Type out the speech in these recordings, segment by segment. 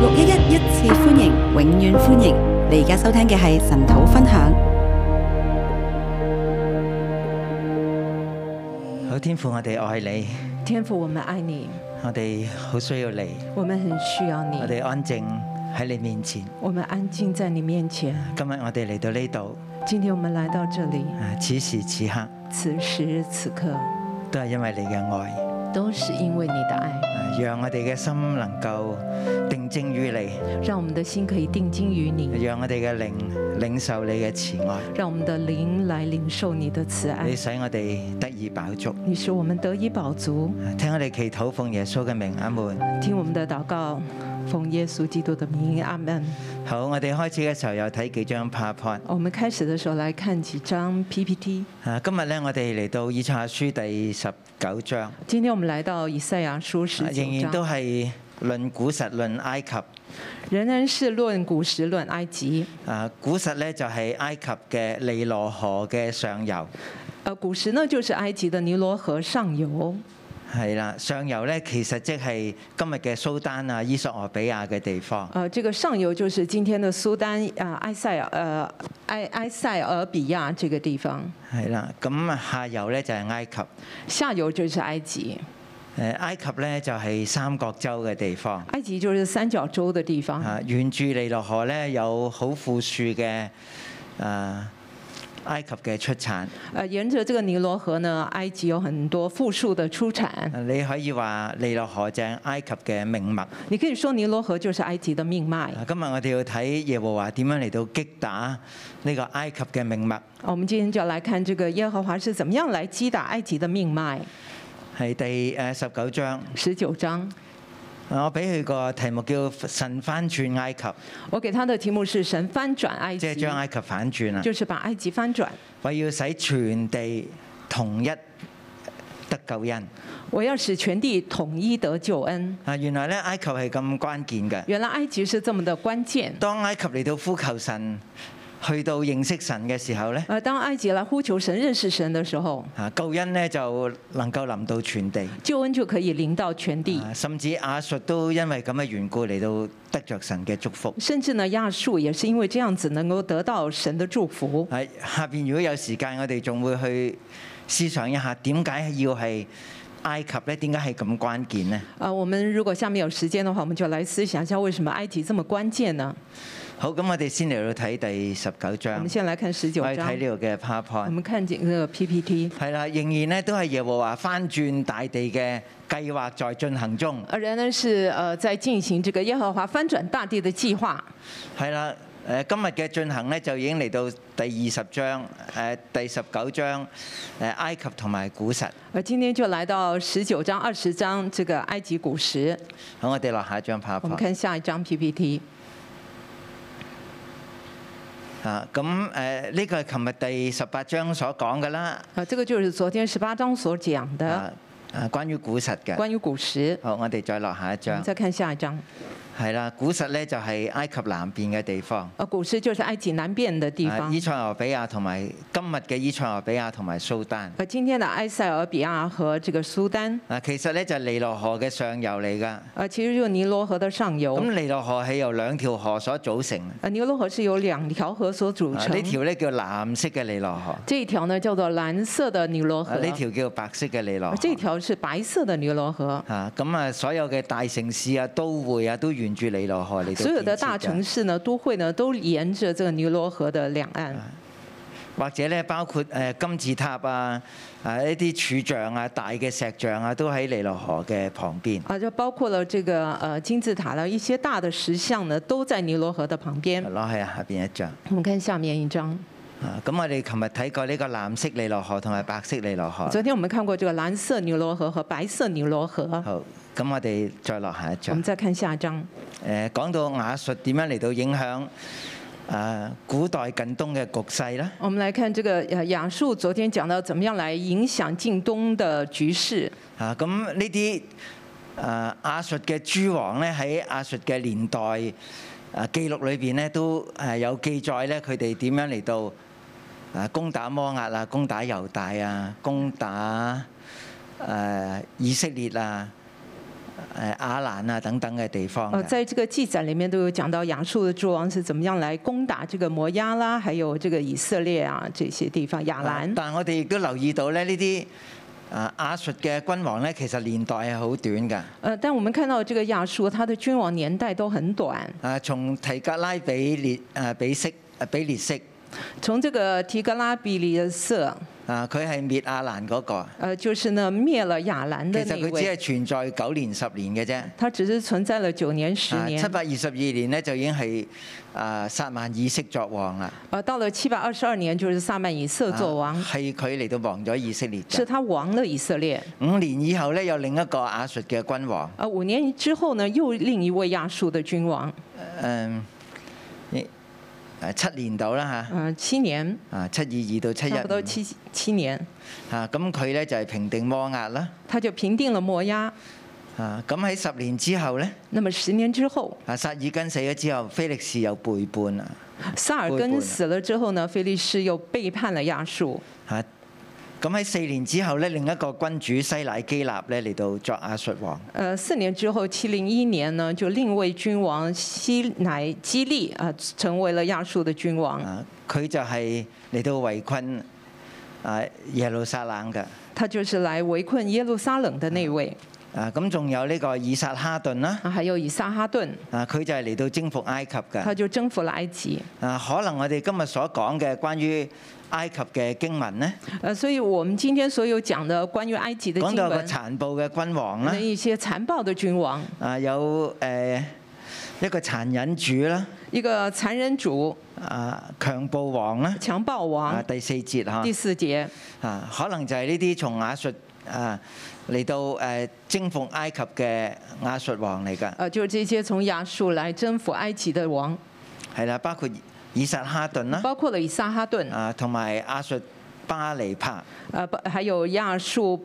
六一一一次歡迎，永遠歡迎。你而家收聽嘅係神徒分享。好，天父，我哋愛你。天父，我們愛你。我哋好需要你。我們很需要你。我哋安靜喺你面前。我們安靜在你面前。今日我哋嚟到呢度。今天我們來到這裏。此時此刻。此時此刻。都係因為你嘅愛。都是因為你的愛，讓我哋嘅心能夠定睛於你，讓我們的心可以定睛於你，讓我哋嘅靈領受你嘅慈愛，讓我們的靈來領受你的慈愛，你使我哋得以飽足，你使我們得以飽足。聽我哋祈禱奉耶穌嘅名，阿門。聽我們的禱告。奉耶穌基督的名，阿門。好，我哋開始嘅時候又睇幾張 PowerPoint。我們開始嘅時候來看幾張 PPT。啊，今日呢，我哋嚟到以賽亞書第十九章。今天我們來到以賽亞書十九章。仍然都係論古實論埃及。仍然是論古實論埃及。啊，古實呢，就係埃及嘅尼羅河嘅上游。呃，古實呢就是埃及的尼羅河上游。係啦，上游咧，其實即係今日嘅蘇丹啊、伊索俄比亞嘅地方。誒，這個上游就是今天的蘇丹啊、埃塞爾、誒埃埃塞俄比亞這個地方。係啦，咁下游咧就係埃及。下游就是埃及。埃及咧就係三角洲嘅地方。埃及就是三角洲的地方。遠住尼羅河咧，有好富庶嘅誒。啊埃及嘅出產，誒，沿着呢個尼羅河呢，埃及有很多富庶嘅出產。你可以話尼羅河正埃及嘅命脈。你可以說尼羅河就是埃及嘅命脈。今日我哋要睇耶和華點樣嚟到擊打呢個埃及嘅命脈。我們今天就來看這個耶和華是怎麼樣來擊打埃及的命脈。係第誒十九章。十九章。我俾佢個題目叫神翻轉埃及。我給他的題目是神翻轉埃及，即係將埃及反轉啊！就是把埃及翻轉。我要使全地統一得救恩。我要使全地統一得救恩。啊，原來咧埃及係咁關鍵嘅。原來埃及是這麼的關鍵。當埃及嚟到呼求神，去到認識神嘅時候呢，啊，當埃及來呼求神、認識神嘅時候，啊，救恩呢就能夠臨到全地，救恩就可以臨到全地。啊、甚至亞述都因為咁嘅緣故嚟到得着神嘅祝福，甚至呢亞述也是因為這樣子能夠得到神的祝福，係、啊、下邊如果有時間，我哋仲會去思想一下點解要係埃及呢？點解係咁關鍵呢？啊，我們如果下面有時間的話，我們就來思想一下，為什麼埃及這麼關鍵呢？好，咁我哋先嚟到睇第十九章。我們先來看十九章。我睇呢個嘅 PowerPoint。我們看幾個 PPT。係啦，仍然咧都係耶和華翻轉大地嘅計劃，在進行中。而家呢是誒在進行這個耶和華翻轉大地嘅計劃。係啦，誒今日嘅進行咧就已經嚟到第二十章，誒第十九章，誒埃及同埋古實。而今天就來到十九章二十章，章這個埃及古實。好，我哋落下，下一張 PowerPoint。我們看下一張 PPT。啊，咁誒呢個係琴日第十八章所講嘅啦。啊，呢個就係昨天十八章所講嘅，啊關於古實嘅。關於古實。好，我哋再落下，下一章。再看下一章。係啦，古實咧就係埃及南邊嘅地方。啊，古實就是埃及南邊嘅地方。埃塞俄比亞同埋今日嘅埃塞俄比亞同埋蘇丹。啊，今天的埃塞俄比亞和這個蘇丹。啊，其實咧就尼羅河嘅上游嚟㗎。啊，其實就尼羅河嘅上游。咁尼羅河係由兩條河所組成。啊，尼羅河是由兩條河所組成。呢條咧叫藍色嘅尼羅河。呢條呢叫做藍色嘅尼羅河。呢條叫白色嘅尼羅河。呢條是白色嘅尼羅河。嚇，咁啊，所有嘅大城市啊、都會啊都所有的大城市呢，都會呢都沿着這個尼羅河的兩岸，或者呢包括誒金字塔啊，啊一啲柱像啊，大嘅石像啊都喺尼羅河嘅旁邊啊，就包括了這個金字塔的一些大的石像呢都在尼羅河的旁邊。係咯，係啊，下邊一張，我們看下面一張。咁、嗯、我哋琴日睇過呢個藍色尼羅河同埋白色尼羅河。昨天我們看過這個藍色尼羅河和白色尼羅河好、嗯。好，咁我哋再落下，下一章。我們再看下一章。誒，講到亞述點樣嚟到影響啊古代近東嘅局勢呢？我們來看這個亞述昨天講到怎麼樣來影響近東的局勢。啊、嗯，咁呢啲啊亞述嘅諸王呢，喺亞述嘅年代啊記錄裏邊呢，都誒有記載呢，佢哋點樣嚟到。啊！攻打摩押啊！攻打猶大啊！攻打誒、呃、以色列啊、誒亞蘭啊等等嘅地方。哦，在這個記載裡面都有講到亞述嘅諸王是怎麼樣來攻打這個摩押啦、啊，還有這個以色列啊這些地方亞蘭。但係我哋亦都留意到咧，呢啲啊亞述嘅君王咧，其實年代係好短㗎。誒，但係我們看到這個亞述，它的君王年代都很短。啊，從提格拉比列誒比色誒比列色。從這個提格拉比利的色啊，佢係滅亞蘭嗰個，誒、呃，就是呢滅了亞蘭的。其實佢只係存在九年十年嘅啫。他只是存在了九年十年。七百二十二年呢，啊、年就已經係啊撒曼以色作王啦。啊，到了七百二十二年就是撒曼以色作王。係佢嚟到亡咗以色列。是他亡咗以色列。五年以後呢，有另一個亞述嘅君王。啊，五年之後呢又另一位亞述嘅君王。嗯、呃。呃誒七年到啦嚇，嗯七年，啊七二二到七一，差不多七七年。嚇，咁佢咧就係平定摩押啦，他就平定了摩押。嚇，咁喺十年之後咧，那麼十年之後，啊撒耳根死咗之後，菲利斯又背叛啦。撒耳根死了之後呢，菲利斯又背叛了亞述。啊咁喺四年之後咧，另一個君主西乃基立咧嚟到作亞述王。誒，四年之後，七零一年呢，就另一位君王西乃基利啊，成為了亞述的君王。啊，佢就係嚟到圍困啊耶路撒冷嘅。他就是來圍困耶路撒冷嘅那位。啊，咁仲有呢個以撒哈頓啦。啊，還有以撒哈頓。啊，佢就係嚟到征服埃及嘅。佢就征服了埃及。啊，可能我哋今日所講嘅關於埃及嘅經文咧，誒，所以我們今天所有講的關於埃及嘅講到個殘暴嘅君王咧，一些殘暴嘅君王，啊，有誒一個殘忍主啦，一個殘忍主，啊，強暴王啦，強暴王，第四節嚇，第四節，啊，可能就係呢啲從亞述啊嚟到誒征服埃及嘅亞述王嚟㗎，誒，就係、是、這些從亞述來征服埃及嘅王，係啦，包括。以撒哈頓啦，包括了以撒哈頓啊，同埋亞述巴尼帕，啊，不，還有亞述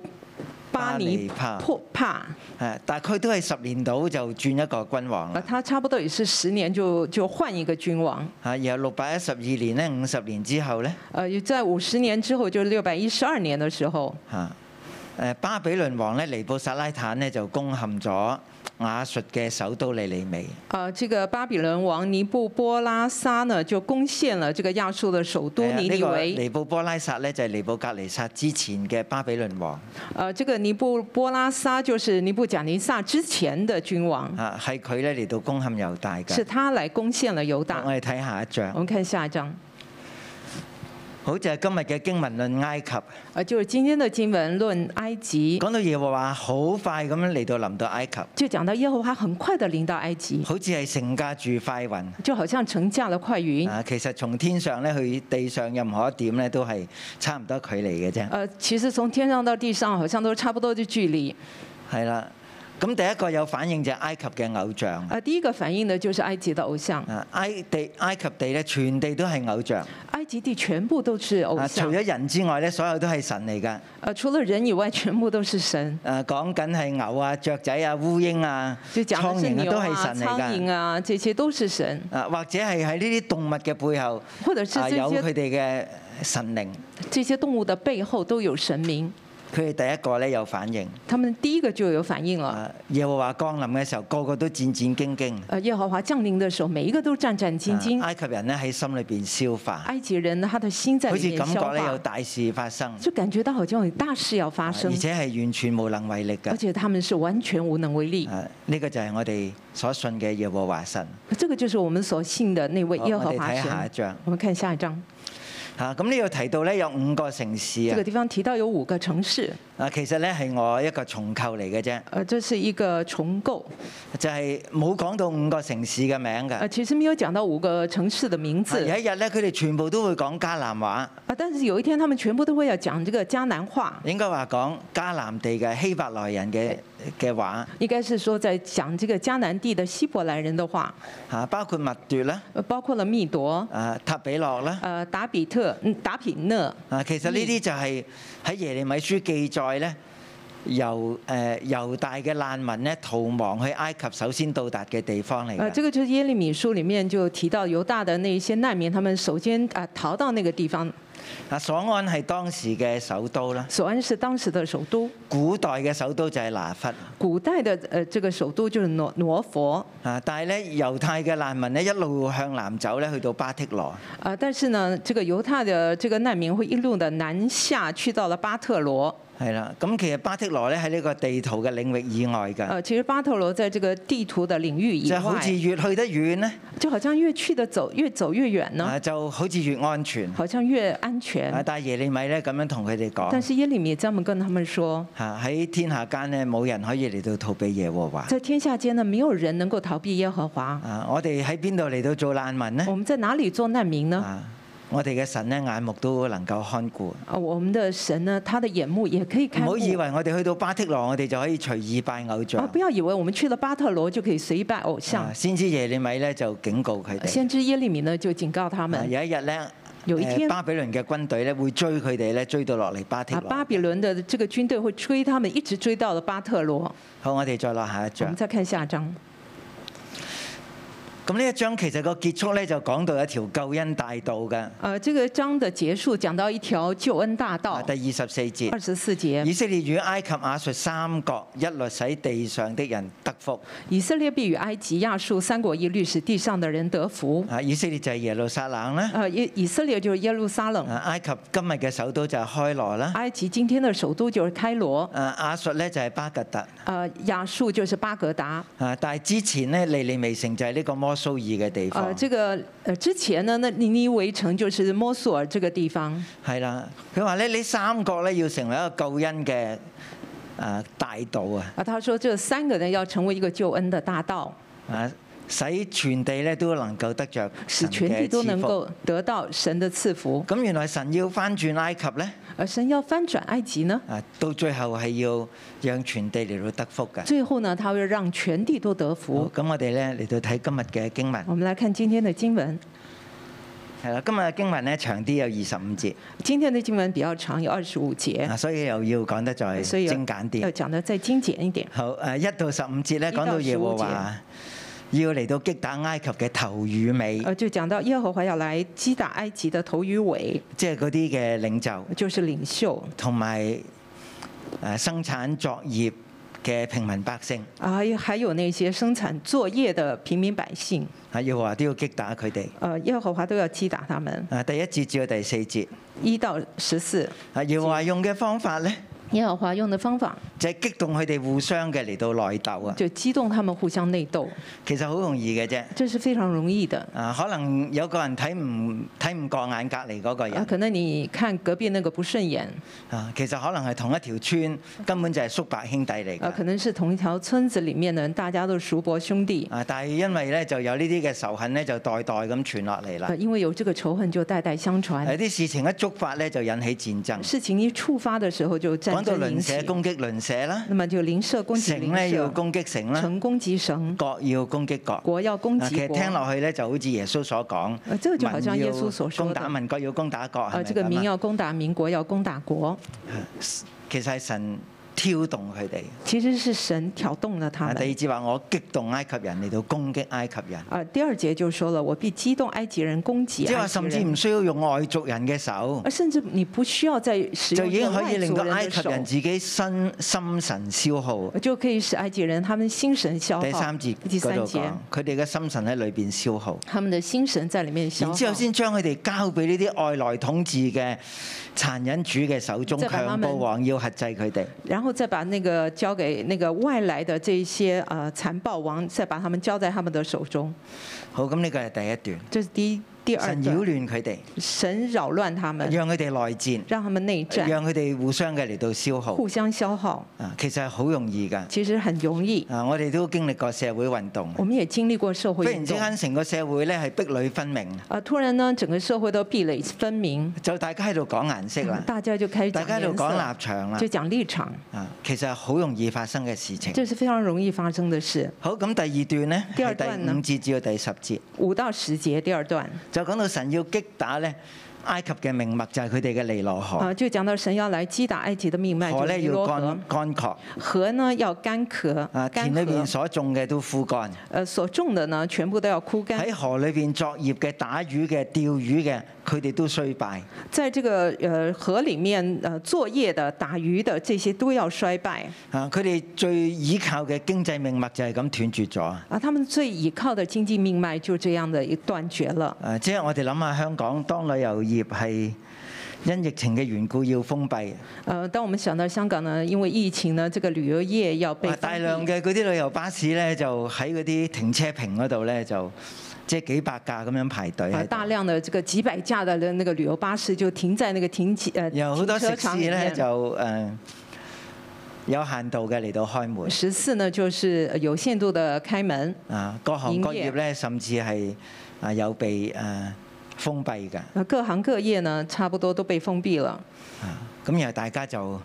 巴尼帕巴尼帕，係大概都係十年度就轉一個君王，啊，他差不多也是十年就就換一個君王，啊，然後六百一十二年呢，五十年之後呢，呃，又在五十年之後就六百一十二年的時候，嚇，巴比倫王呢，尼布撒拉坦呢，就攻陷咗。亞述嘅首都尼利美。啊，這個巴比倫王尼布波拉撒呢，就攻陷了這個亞述的首都尼尼微。尼布波拉撒呢，就係尼布格尼撒之前嘅巴比倫王。啊，這個尼布波拉撒就，這個，就是尼布甲尼撒之前的君王。啊，係佢咧嚟到攻陷猶大嘅。是他來攻陷了猶大。我哋睇下一章。我們看下一章好似係今日嘅經文論埃及。啊，就是今天的經文論埃及。講到耶和華好快咁樣嚟到臨到埃及。就講到耶和華很快地臨到埃及。好似係乘駕住快雲。就好像乘駕了快雲。啊，其實從天上咧去地上任何一點咧都係差唔多距離嘅啫。呃，其實從天上到地上好像都差不多啲距離。係啦。咁第一個有反應就係埃及嘅偶像。啊，第一個反應呢，就係埃及嘅偶像。埃及地埃及地咧，全地都係偶像。埃及地全部都是偶像。除咗人之外咧，所有都係神嚟噶。除咗人以外，全部都是神。啊，講緊係牛啊、雀仔啊、烏蠅啊、蒼蠅啊，都係神嚟噶。蒼蠅啊，這些都是神。啊，或者係喺呢啲動物嘅背後，或者，啊，有佢哋嘅神靈。這些動物的背後都有神明。佢哋第一個咧有反應，他們第一個就有反應啦。耶和華降臨嘅時候，個個都戰戰兢兢。誒，耶和華降臨嘅時候，每一個都戰戰兢兢。埃及人呢，喺心裏邊消化。埃及人，他的心在。好似感覺咧有大事發生，就感覺到好像有大事要發生，而且係完全無能為力嘅。而且他們是完全無能為力。呢個就係我哋所信嘅耶和華神。呢、這個就是我們所信嘅那位耶和華神。下一章，我們看下一章。嗯嚇！咁呢度提到咧有五個城市啊。這個地方提到有五個城市。啊，其實咧係我一個重構嚟嘅啫。即係一個重構。就係冇講到五個城市嘅名㗎。啊，其實沒有講到五個城市嘅名字。啊、有一日咧，佢哋全部都會講迦南話。啊，但是有一天，他們全部都會要講這個迦南話。應該話講迦南地嘅希伯來人嘅嘅話。應該是說在講這個迦南地嘅希伯來人嘅話。嚇、啊！包括密奪啦。包括了密朵、啊，塔比諾啦。呃、啊，達比特。打平呢？啊，其實呢啲就係喺耶利米書記載咧、呃，由誒猶大嘅難民咧逃亡去埃及首先到達嘅地方嚟嘅。啊，這個就係耶利米書裡面就提到猶大的那一些難民，他們首先啊逃到那個地方。啊，索安係當時嘅首都啦。索安是當時的首都。古代嘅首都就係拿佛。古代的誒，這個首都就是挪挪佛。啊，但係咧，猶太嘅難民咧，一路向南走咧，去到巴特羅。啊，但是呢，這個猶太的這個難民會一路的南下去到了巴特羅。係啦，咁其實巴特羅咧喺呢個地圖嘅領域以外㗎。啊，其實巴特羅在這個地圖嘅領，領域以外。就好似越去得遠呢，就好像越去得走越走越遠咯。就好似越安全。好像越安全。啊，但耶利米咧咁樣同佢哋講。但是耶利米專門跟他們說：喺天下間呢，冇人可以嚟到逃避耶和華。在天下間呢，沒有人能夠逃避耶和華。啊，我哋喺邊度嚟到做難民呢？我們在哪裏做難民呢？我哋嘅神咧眼目都能夠看顧。啊，我們的神呢，他的眼目也可以看。唔好以為我哋去到巴特羅，我哋就可以隨意拜偶像。啊，不要以為我們去到巴特羅就可以隨意拜偶像。先知耶利米呢，就警告佢哋。先知耶利米呢就警告他們。有一日咧，有一天，巴比倫嘅軍隊咧會追佢哋咧，追到落嚟巴特羅。啊，巴比倫嘅這個軍隊會追他們，的他們一直追到了巴特羅。好，我哋再落下一張。我們再看下一張。咁呢一章其實個結束咧就講到一條救恩大道嘅。啊，這個章的結束講到一條救恩大道。第二十四節。二十四節。以色列與埃及亞述三國一律使地上的人得福。以色列必與埃及亞述三國一律使地上的人得福。啊，以色列就係耶路撒冷啦。啊，以色列就係耶路撒冷。埃及今日嘅首都就係開羅啦。埃及今天嘅首都就係開羅。啊，亞述咧就係巴格達。啊，亞述就係巴格達。啊，但係之前呢，利利未成就係呢個摩蘇爾嘅地方。啊，這個，呃，之前呢，尼尼微城就是摩索爾這個地方。係啦，佢話呢，呢三個呢要成為一個救恩嘅，誒大道啊。啊，他說這三個人要成為一個救恩的大道啊。使全地咧都能夠得着，使全地都能夠得，得到神的賜福。咁原來神要翻轉埃及咧？神要翻轉埃及呢？啊，到最後係要讓全地嚟到得福嘅。最後呢，他會讓全地都得福。咁我哋咧嚟到睇今日嘅經文。我們來看今天的經文。係啦，今日經文咧長啲，有二十五節。今天的經文比較長，有二十五節。啊，所以又要講得再精簡啲，要講得再精簡一點。好，一到十五節咧，講到耶和華要嚟到擊打埃及嘅頭與尾。啊，就講到耶和華要嚟擊打埃及嘅頭與尾。即係嗰啲嘅領袖。就是領袖。同埋，誒生產作業嘅平民百姓。啊，有，還有那些生產作業嘅平民百姓。啊，耶和華都要擊打佢哋。啊，耶和華都要擊打他們。啊，第一節至到第四節。一到十四。啊，耶和華用嘅方法咧？葉劉華用的方法就係激動佢哋互相嘅嚟到內鬥啊！就激動他們互相內鬥。其實好容易嘅啫。這是非常容易的啊！可能有個人睇唔睇唔過眼隔離嗰個人。可能你看隔壁那個不順眼啊！其實可能係同一條村，根本就係叔伯兄弟嚟㗎。可能是同一條村子裡面嘅人，大家都叔伯兄弟。啊！但係因為咧就有呢啲嘅仇恨咧，就代代咁傳落嚟啦。因為有這個仇恨就代代相傳。有啲事情一觸發咧，就引起戰爭。事情一觸發嘅時候就講到鄰舍攻擊鄰舍啦，咁啊就鄰舍攻城咧，要攻擊城啦，城攻擊城，國要攻擊國，國要攻擊國。其實聽落去咧，就好似耶穌所講、這個，民要攻打民，國要攻打國，係咪啊？這個民要攻打民，國要攻打國。是是其實係神挑動佢哋，其實是神挑動了他們。第二節話我激動埃及人嚟到攻擊埃及人。啊，第二節就説了，我必激動埃及人攻擊埃及人。即係話甚至唔需要用外族人嘅手。甚至你不需要再使用，就已經可以令到埃及人自己心心神消耗。就可以使埃及人他們心神消耗。第三節嗰度講，佢哋嘅心神喺裏邊消耗。他們嘅心神在裡面消耗。然之後先將佢哋交俾呢啲外來統治嘅殘忍主嘅手中，強暴王要轄制佢哋。然後再把那個交給那個外來的這些呃殘暴王，再把他們交在他們的手中。好，咁呢個係第一段。就係第一。第二段，神擾亂佢哋，神擾亂他們，讓佢哋內戰，讓他們內戰，讓佢哋互相嘅嚟到消耗，互相消耗。啊，其實係好容易㗎，其實很容易。啊，我哋都經歷過社會運動，我們也經歷過社會運動。突然之間，成個社會咧係壁壘分明。啊，突然呢，整個社會都壁壘分明，就大家喺度講顏色啦、嗯，大家就開，大家就講立場啦，就講立場。啊，其實係好容易發生嘅事情，就係非常容易發生嘅事。好，咁第二段呢？第二段第五節至到第十節，五到十節第二段。就講到神要擊打咧。埃及嘅命脈就係佢哋嘅尼羅河。啊，就講到神要來擊打埃及嘅命脈，河咧要乾乾涸，河呢要乾涸，田裏邊所種嘅都枯乾。誒，所種嘅呢，全部都要枯乾。喺河裏邊作業嘅、打魚嘅、釣魚嘅，佢哋都衰敗。在這個誒河裡面誒作業嘅、打魚嘅，這些都要衰敗。啊，佢哋最依靠嘅經濟命脈就係咁斷絕咗。啊，他們最依靠嘅經濟命脈就這樣的一斷絕了。誒，即係我哋諗下香港當旅遊業係因疫情嘅緣故要封閉。誒，當我哋想到香港呢，因為疫情呢，這個旅遊業要被大量嘅嗰啲旅遊巴士咧，就喺嗰啲停車坪嗰度咧，就即係幾百架咁樣排隊。大量的這個幾百架的那個旅遊巴士就停在那個停車誒。有好多食肆咧，就誒有限度嘅嚟到開門。食肆呢，就是有限度的開門。啊，各行各業咧，甚至係啊有被誒。封閉㗎，各行各業呢，差不多都被封閉了。啊，咁然後大家就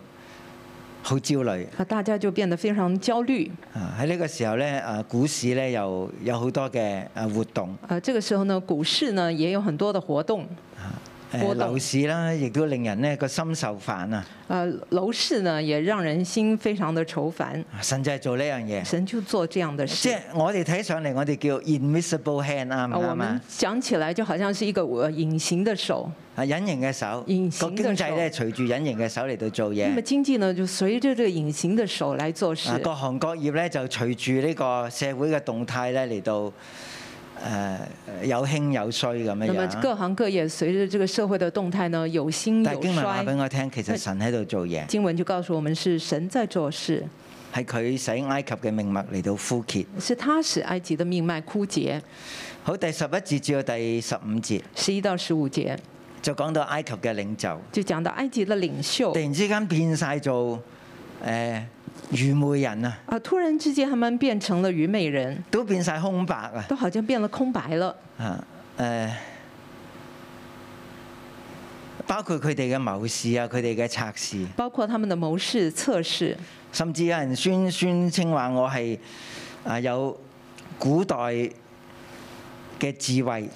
好焦慮。啊，大家就變得非常焦慮。啊，喺呢個時候呢，啊股市呢又有好多嘅啊活動。啊，呢、這個時候呢，股市呢也有很多嘅活動。啊誒樓市啦，亦都令人咧個心受煩啊！誒樓市呢，也讓人心非常的愁煩。神就做呢樣嘢。神就做這樣的事。即係我哋睇上嚟，我哋叫 invisible hand 啊，明唔明啊？講起來就好像是一個我隱形嘅手。啊，隱形嘅手。隱形的手。個經濟咧，隨住隱形嘅手嚟到做嘢。咁啊，經濟呢就隨着個隱形嘅手嚟做事。各行各業咧，就隨住呢個各各社會嘅動態咧嚟到。誒有興有衰咁樣。咁啊，各行各業隨著這個社會的動態呢，有興有衰。但經文話俾我聽，其實神喺度做嘢。經文就告訴我們是神在做事。係佢使埃及嘅命脈嚟到枯竭。是他使埃及的命脈枯竭。好，第十一節至到第十五節。十一到十五節。就講到埃及嘅領袖。就講到埃及嘅領袖。突然之間變晒做誒。呃愚昧人啊！啊，突然之間，他們變成了愚昧人，都變晒空白啊！都好像變了空白了。啊，誒，包括佢哋嘅謀士啊，佢哋嘅策士，包括他們的謀士策士，甚至有人宣宣稱話我係啊有古代嘅智慧。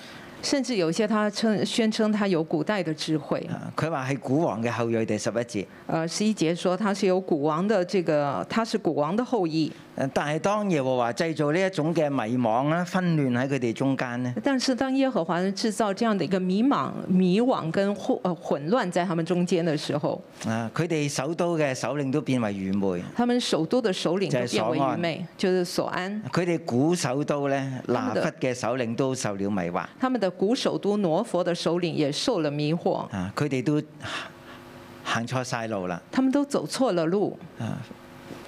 甚至有些他稱宣稱他有古代的智慧。佢話係古王嘅後裔。第十一節，呃，十一節說他是有古王的這個，他是古王的後裔。但係當耶和華製造呢一種嘅迷惘啦、混亂喺佢哋中間呢，但是當耶和華製造這樣的一個迷茫、迷惘跟混誒混亂在他們中間的時候，啊，佢哋首都嘅首領都變為愚昧。他們首都的首領就係、是、所安，就是所安。佢哋古首都咧，拿弗嘅首領都受了迷惑。他們的，他們的古首都挪佛的首領也受了迷惑。啊，佢哋都行錯晒路啦。他們都走錯了路。啊，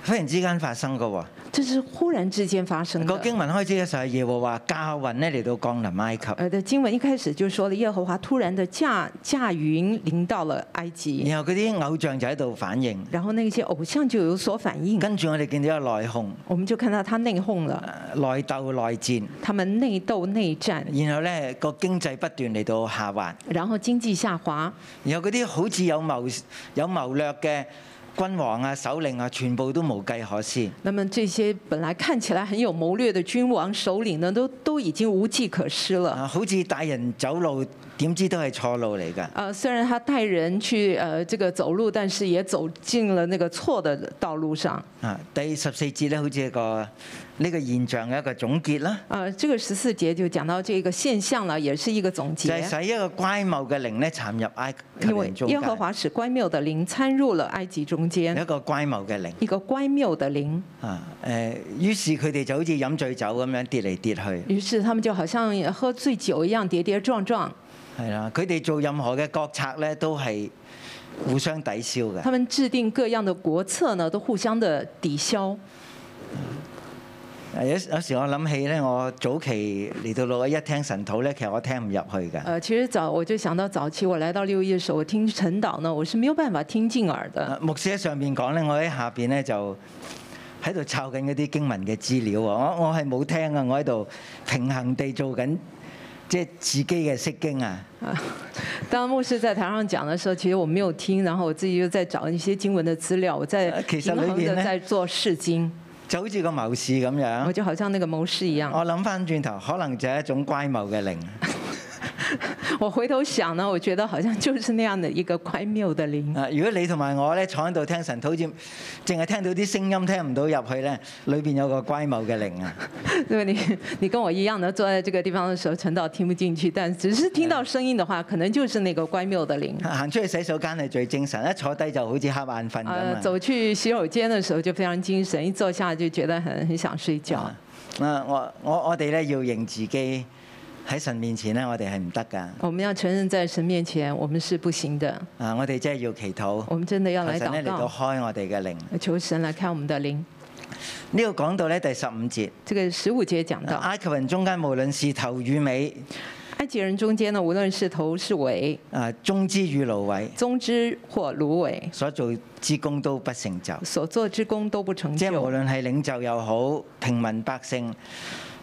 忽然之間發生個喎。就是忽然之間發生。那個經文開始咧就係耶和華駕雲咧嚟到降臨埃及。誒，個經文一開始就説了耶和華突然的駕駕雲臨到了埃及。然後嗰啲偶像就喺度反應。然後那些偶像就有所反應。跟住我哋見到有內訌。我們就看到他內訌啦，內鬥內戰。他們內鬥內戰。然後呢個經濟不斷嚟到下滑。然後經濟下滑。然後嗰啲好似有謀有謀略嘅。君王啊、首領啊，全部都無計可施。那麼這些本來看起來很有謀略的君王、首領呢，都都已經無計可施了。好似大人走路，點知都係錯路嚟㗎？誒，雖然他帶人去誒，這個走路，但是也走進了那個錯的道路上。啊，第十四節咧，好似係個呢個現象嘅一個總結啦。誒，這個十四節就講到這個現象啦，也是一個總結。就係使一個乖謬嘅靈咧，插入埃及，因為耶和華使乖謬嘅靈參入了埃及中間。一個乖謬嘅靈。一個乖謬嘅靈。啊誒，於是佢哋就好似飲醉酒咁樣跌嚟跌去。於是他們就好像喝醉酒一樣跌跌撞撞。係啦，佢哋做任何嘅國策咧，都係互相抵消嘅。他們制定各樣嘅國策呢，都互相的抵消。有有時我諗起咧，我早期嚟到六一聽神道咧，其實我聽唔入去嘅。呃，其實早我就想到早期我來到六一嘅時候，我聽神道呢，我是沒有辦法聽進耳嘅。牧師喺上邊講咧，我喺下邊咧就喺度抄緊嗰啲經文嘅資料，我我係冇聽啊，我喺度平衡地做緊。即係自己嘅識經啊！啊，當牧師在台上講嘅時候，其實我沒有聽，然後我自己又在找一些經文的資料。我在，其實你喺度在做試經，就好似個謀士咁樣。我就好像那個謀士一樣。我諗翻轉頭，可能就係一種乖謬嘅靈。我回頭想呢，我覺得好像就是那樣的一個乖謬的靈。啊，如果你同埋我呢，坐喺度聽神禱念，淨係聽到啲聲音，聽唔到入去呢，裏邊有個乖謬嘅靈啊。因為你你跟我一樣呢，坐在這個地方的時候，陳導聽不進去，但只是聽到聲音的話，可能就是那個乖謬的靈。行出去洗手間係最精神，一坐低就好似瞌眼瞓咁啊。走去洗手間的時候就非常精神，一坐下就覺得很很想睡覺。啊，我我我哋咧要認自己。喺神面前呢，我哋係唔得噶。我們要承認，在神面前，我們是不行的。啊，我哋真係要祈禱。我們真的要來禱告。神嚟到開我哋嘅靈。求神來開我們的靈。呢、這個講到咧第十五節。這個十五節講到，埃及人中間無論是頭與尾，埃及人中間呢，無論是頭是尾，啊，棕枝與蘆葦，棕枝或蘆葦，所做之功都不成就，所做之功都不成就，即係無論係領袖又好，平民百姓。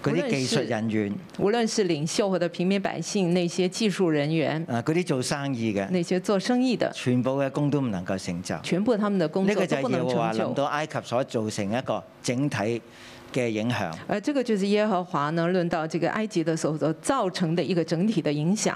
嗰啲技術人員，無論是領袖或者平民百姓，那些技術人員，啊，嗰啲做生意嘅，那些做生意的，全部嘅工都唔能夠成就，全部他們的工作都不能成就。呢個就係耶和華論到埃及所造成一個整體嘅影響。誒，這個就是耶和華呢論到這個埃及的時候所造成的一個整體的影響。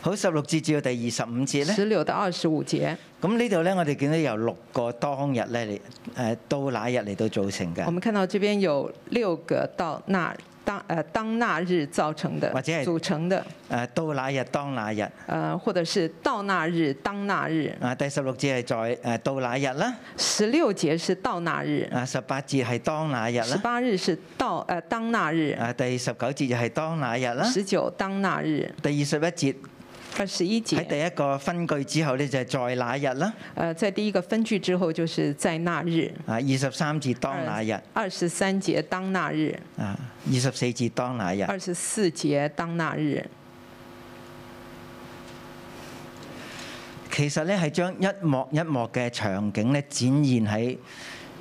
好，十六節至到第二十五節咧。十六到二十五節。咁呢度呢，我哋見到有六個當日呢，你誒到那日嚟到造成嘅。我們看到這邊有六個到那。當誒當那日造成的，或者係組成的誒到那日當那日，誒或者是到那日當那日。啊，第十六節係在誒到那日啦。十六節是到那日。啊，十八節係當那日啦。十八日是到誒當那日。啊，第十九節就係當那日啦。十九當那日。第二十一節。二十一節喺第一個分句之後呢，就係在那日啦。誒，在第一個分句之後，就是在那日。啊，二十三節當那日。二十三節當那日。啊，二十四節當那日。二十四節當那日。其實呢係將一幕一幕嘅場景呢展現喺。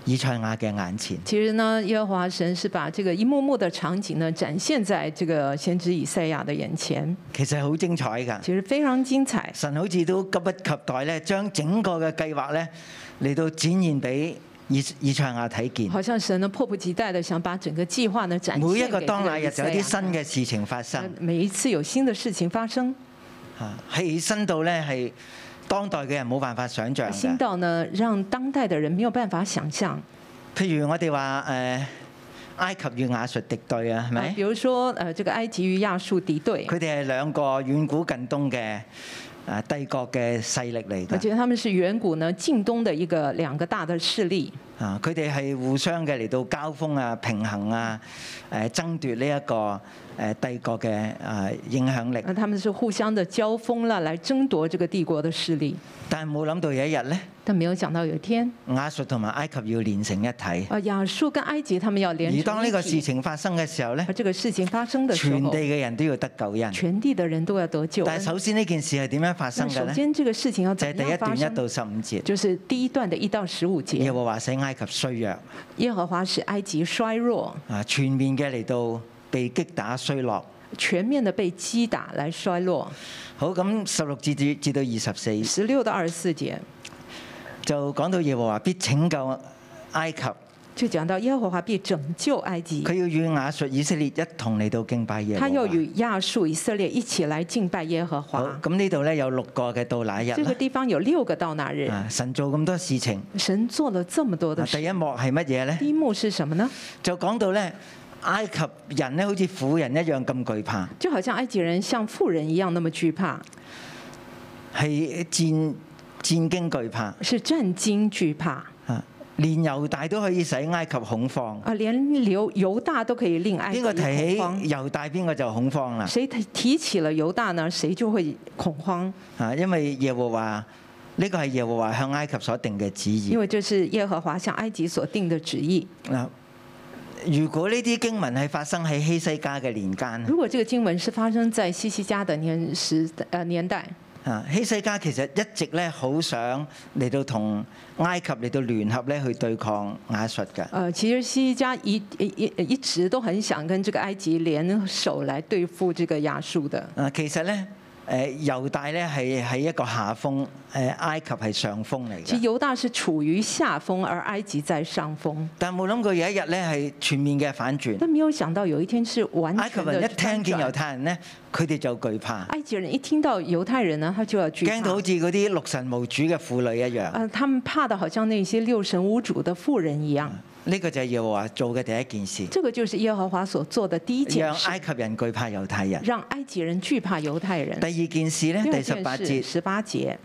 以賽亞嘅眼前，其實呢，耶和華神是把這個一幕幕的場景呢，展現在這個先知以賽亞的眼前。其實好精彩㗎，其實非常精彩。神好似都急不及待咧，將整個嘅計劃咧嚟到展現俾以以賽亞睇見。好像神呢迫不及待地想把整個計劃呢展。每一個當那日就有啲新嘅事情發生，每一次有新嘅事情發生，係身到咧係。當代嘅人冇辦法想象。新到呢，讓當代嘅人沒有辦法想象。譬如我哋話，誒、呃、埃及與亞述敵對啊，係咪？比如說，誒、呃、這個埃及與亞述敵對。佢哋係兩個遠古近東嘅、呃、帝國嘅勢力嚟。我覺得佢哋係遠古呢近東嘅一個兩個大的勢力。啊，佢哋係互相嘅嚟到交鋒啊，平衡啊，誒、呃、爭奪呢、這、一個。誒帝國嘅誒影響力，那他們是互相的交鋒啦，來爭奪這個帝國的勢力。但係冇諗到有一日呢，但沒有想到有一天，亞述同埋埃及要連成一體。亞述跟埃及他們要連。而當呢個事情發生嘅時候呢，這個事情發生嘅時、時候，全地嘅人都要得救人，全地嘅人都要得救。但係首先呢件事係點樣發生嘅呢？首先，這個事情要就係第一段一到十五節，就是第一段的一到十五節。耶和華使埃及衰弱，耶和華使埃及衰弱。啊，全面嘅嚟到。被擊打衰落，全面的被擊打來衰落。好，咁十六至至至到二十四。十六到二十四節，就講到耶和華必拯救埃及。就講到耶和華必拯救埃及。佢要與亞述以色列一同嚟到敬拜耶和華。他要與亞述以色列一起來敬拜耶和華。好，咁呢度咧有六個嘅到那日？呢個地方有六個到那日？神做咁多事情。神做了這麼多的。第一幕係乜嘢咧？第一幕是什麼呢？就講到咧。埃及人咧，好似婦人一樣咁懼怕，就好像埃及人像婦人一樣那麼懼怕，係戰戰驚懼怕，是戰驚懼怕。啊，連猶大都可以使埃及恐慌。啊，連猶猶大都可以令埃及恐慌。邊個提起猶大，邊個就恐慌啦？誰提起了猶大呢？誰就會恐慌？啊，因為耶和華呢、這個係耶和華向埃及所定嘅旨意，因為這是耶和華向埃及所定嘅旨意。如果呢啲經文係發生喺希西家嘅年間，如果這個經文是發生在希西家的年時，呃年代，啊，希西家其實一直咧好想嚟到同埃及嚟到聯合咧去對抗亞述嘅。呃，其實希西家一一一直都很想跟這個埃及聯手來對付這個亞述的。啊，其實咧。誒猶大咧係喺一個下風，誒埃及係上風嚟嘅。其實猶大是處於下風，而埃及在上風。但冇諗過有一日咧係全面嘅反轉。但沒有想到有一天是完全反轉。埃及人一聽見猶太人咧，佢哋就懼怕。埃及人一聽到猶太人呢，他就要驚到好似嗰啲六神無主嘅婦女一樣。嗯，他們怕到好像那些六神無主的婦人一樣。呢個就係耶和華做嘅第一件事。這個就是耶和華所做嘅第一件事。讓埃及人懼怕猶太人。讓埃及人懼怕猶太人。第二件事呢？第十八節。十八節。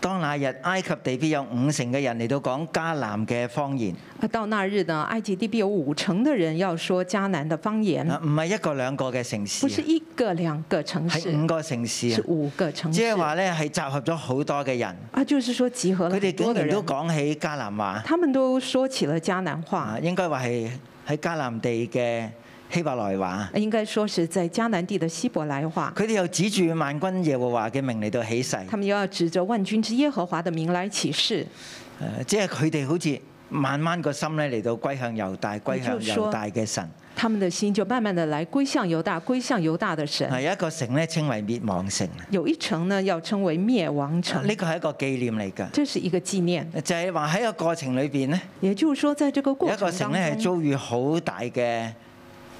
當那日埃及地邊有五城嘅人嚟到講迦南嘅方言。啊，到那日呢？埃及地邊有五城嘅人要說迦南嘅方言。啊，唔係一個兩個嘅城市。不是一個兩個城市。係五個城市。是五個城市。即係話呢，係集合咗好多嘅人。啊，就是說集合。佢哋竟然都講起迦南話。他們都說起了迦南話。應該話係喺迦南地嘅。希伯來話，應該說是在迦南地的希伯來話。佢哋又指住萬軍耶和華嘅名嚟到起誓。他們又要指着萬軍之耶和華嘅名來起誓。即係佢哋好似慢慢個心咧嚟到歸向猶大，歸向猶大嘅神。他們的心就慢慢地來歸向猶大，歸向猶大的神。有一個城咧稱為滅亡城。有一城呢要稱為滅亡城，呢個係一個紀念嚟噶。即係一個紀念，念。就係話喺個過程裏邊呢，也就是說，在這個過程當中，一個城咧係遭遇好大嘅。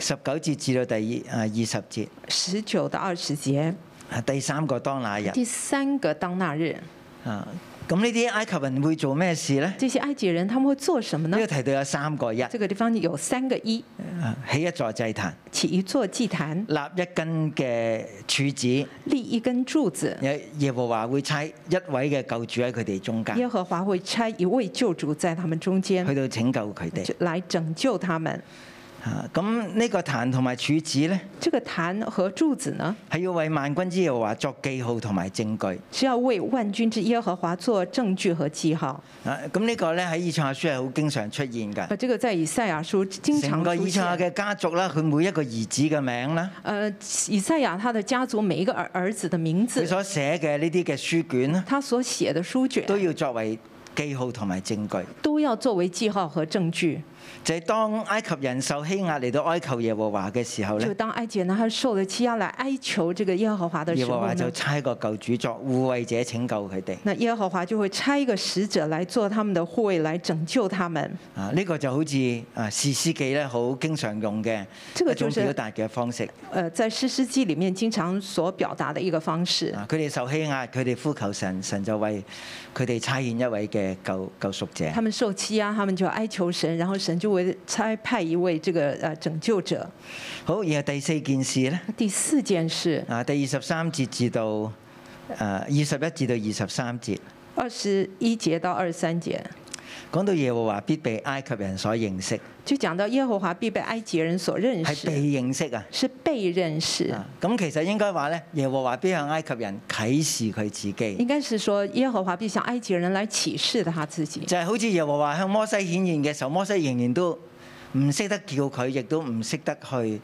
十九節至到第二，啊二十節，十九到二十節，第三個當那日，第三個當那日，啊咁呢啲埃及人會做咩事咧？這些埃及人他會做什麼呢？呢、這個提到有三個一，這個地方有三個一，起一座祭壇，起一座祭壇，立一根嘅柱子，立一根柱子，耶和華會差一位嘅救主喺佢哋中間，耶和華會差一位救主在他們中間，去到拯救佢哋，來拯救他們。啊！咁呢個壇同埋柱子咧，這個壇和柱子呢，係要為萬軍之，之耶和華作記號同埋證據，是要為萬軍之耶和華做證據和記號。啊！咁呢個咧喺以賽亞書係好經常出現㗎。啊！這就，個，在以賽亞書經常出現。成個以賽亞嘅家族啦，佢每一個兒子嘅名啦，呃，以賽亞他的家族每一個兒子的名字，你所寫嘅呢啲嘅書卷，他所寫的書卷都要作為記號同埋證據，都要作為記號和證據。就係、是、當埃及人受欺壓嚟到哀求耶和華嘅時候咧，就當埃及人受咗欺壓嚟哀求這個耶和華嘅時候，耶和華就差一個救主作護衛者拯救佢哋。那耶和華就會差一個使者嚟做他們嘅護衛，嚟拯救他們。啊，呢個就好似啊士師記咧，好經常用嘅一種表達嘅方式。誒，在士師記裡面經常所表達嘅一個方式。啊，佢哋受欺壓，佢哋呼求神，神就為佢哋差遣一位嘅救救贖者。他們受欺壓，他，他們就哀求神，然後神就會差派一位這個誒拯救者，好，然後第四件事咧？第四件事啊，第二十三節至到誒二十一節到二十三節，二十一節到二十三節。講到耶和華必被埃及人所認識，就講到耶和華必被埃及人所認識，係被認識啊，是被認識。咁、嗯、其實應該話咧，耶和華必向埃及人啟示佢自己，應該是說耶和華必向埃及人來啟示他自己，就係、是、好似耶和華向摩西顯現嘅時候，摩西仍然都唔識得叫佢，亦都唔識得去，